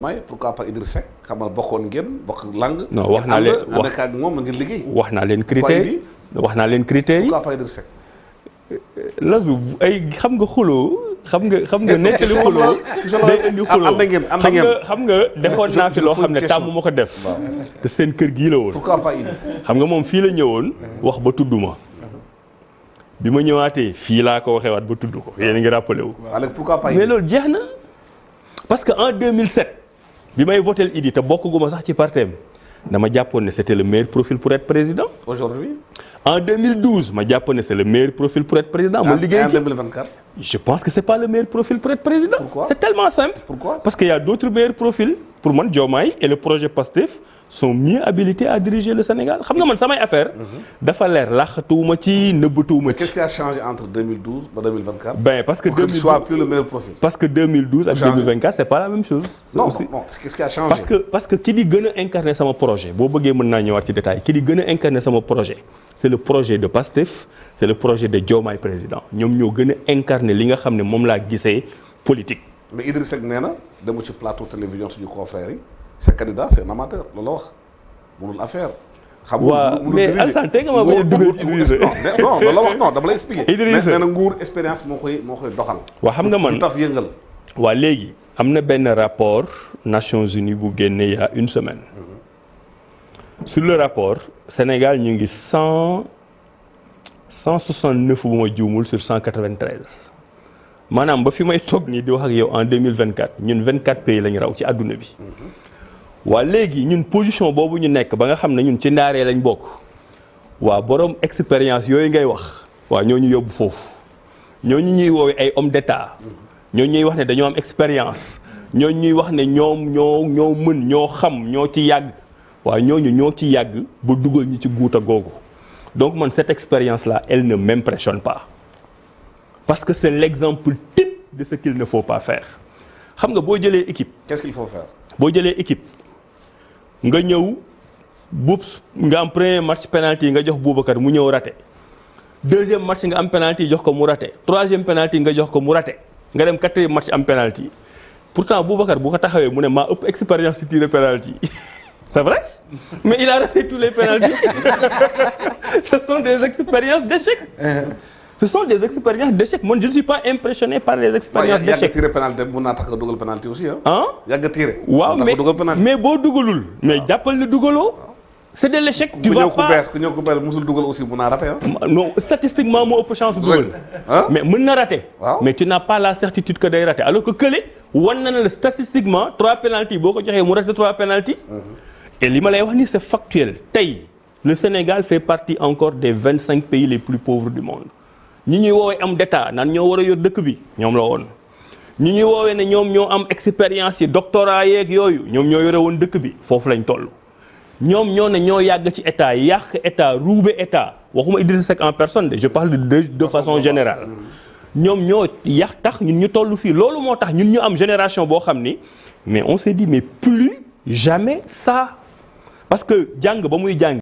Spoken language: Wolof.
may pourquoi pas Idriss Seck xamal bokkoon ngeen bokk lang. non wax naa leen wax moom ngeen liggéey. wax na leen critères yi wax naa leen critères yi. pourquoi pas Idriss Seck. Lazou ay xam nga xuloo xam nga xam nga nettali xuloo day indi xuloo am na xam nga defoon naa fi loo xam ne tàmm ma ko def. te seen kër gii la woon. pourquoi xam nga moom fii la ñëwoon. wax ba tudd ma. bi ma ñëwaatee fii laa ko waxee waat ba tudd ko yéen a ngi rappelé wu. mais loolu jeex na parce que en 2007. bi may voté Il dit, guma sax ci c'était le meilleur profil pour être président. aujourd'hui en 2012 ma c'est le meilleur profil pour être président. en 2024. je pense que ce n'est pas le meilleur profil pour être président. pourquoi c'est tellement simple. pourquoi parce qu'il y a d'autres meilleurs profils pour moi, Diomaye et le projet PASTEF sont mieux habilités à diriger le Sénégal xam nga man samay affaire dafa leer ne ci nëbbatuwuma ci. qu'est-ce qui a changé entre 2012 et 2024. ben parce que 2012 soit plus le meilleur profil. parce que 2012 et 2024 c'est pas la même chose. non non qu'est-ce qui a changé. parce que parce que ki di projet, incarner sama projet si vous mën un détail Qui di gën incarner mon projet. c'est le projet de PASTEF c'est le projet de Diomaye président Nous, avons incarné ce que li nga politique mais Idriss Seck nee demu ci plateau télévision suñu confrères c'est candidat c'est un amateur lolo wax mënul affaire. xam nga mu mais Alassane tey nga ma bañ a dugal Idriss non loolu la wax non dama lay expliquer. Idriss nee na nguur expérience moo koy moo koy doxal. wa xam nga man du taf yëngal. waaw léegi am na rapport Nations Unies bu génne ya une semaine. Mm-hmm. sur le rapport Sénégal ñu ngi 100 169 soixante neuf bu ma sur 193 manam ba fi may di wax en 2024 ñun 24 pays lañu raw ci aduna bi wa légui ñun position bobu ñu nekk ba nga xamne ñun ci borom expérience yoy ngay wax ñuy wowe ay homme d'état wax ne am expérience wax ne ñoom ñoo ñoo mën ñoo xam ñoo ci ñoo ci ñi ci donc man cette expérience là elle ne m'impressionne pas parce que c'est l'exemple type de ce qu'il ne faut pas faire xam nga boo équipe. qu'est-ce qu'il faut faire. boo jëlee équipe nga ñëw buub nga am premier match penalty nga jox Boubacar mu ñëw raté deuxième match nga am penalty jox ko mu raté troisième penalty nga jox ko mu raté nga dem quatrième match am penalty pourtant Boubacar bu ko taxawé mu né ma ëpp expérience tirer tiré penalty c'est vrai mais il a raté tous les penalties. ce sont des expériences d'échec uh-huh ce sont des expériences d'échec Moi, je ne suis pas impressionné par les expériences d'échec Il y a tiré penalty mun naa tax a dugal penalty aussi ah yàgg tiré Wow. mais mais boo mais jàppal le dugaloo c'est de l'échec tu vois pas ku bees ku ñëw ku bees musul aussi mun a raté hein. non statistiquement moo ëpp chance dugal hein? mais mën na raté mais tu n'as pas la certitude que day raté alors que kële wan na statistiquement trois penalty boo ko joxee mu raté trois penalty mm-hmm. et li ma wax c'est factuel tey le Sénégal fait partie encore des vingt cinq pays les plus pauvres du monde ñi wowe am d'état nan ñoo war a yor dëkk bi ñoom la woon ñi ñuy woowee ne ñoom ñoo am expérience yi doctorat yeeg yooyu ñoom ñoo yore woon dëkk bi foofu lañ toll ñoom ñoo ne ñoo yàgg ci état yàq état ruube état waxuma Idrissa Seck en personne de je parle de de façon générale ñoom ñoo yàq tax ñun ñu toll fii loolu moo tax ñun ñu am génération boo xam ni mais on s'est dit mais plus jamais ça parce que jàng ba muy jàng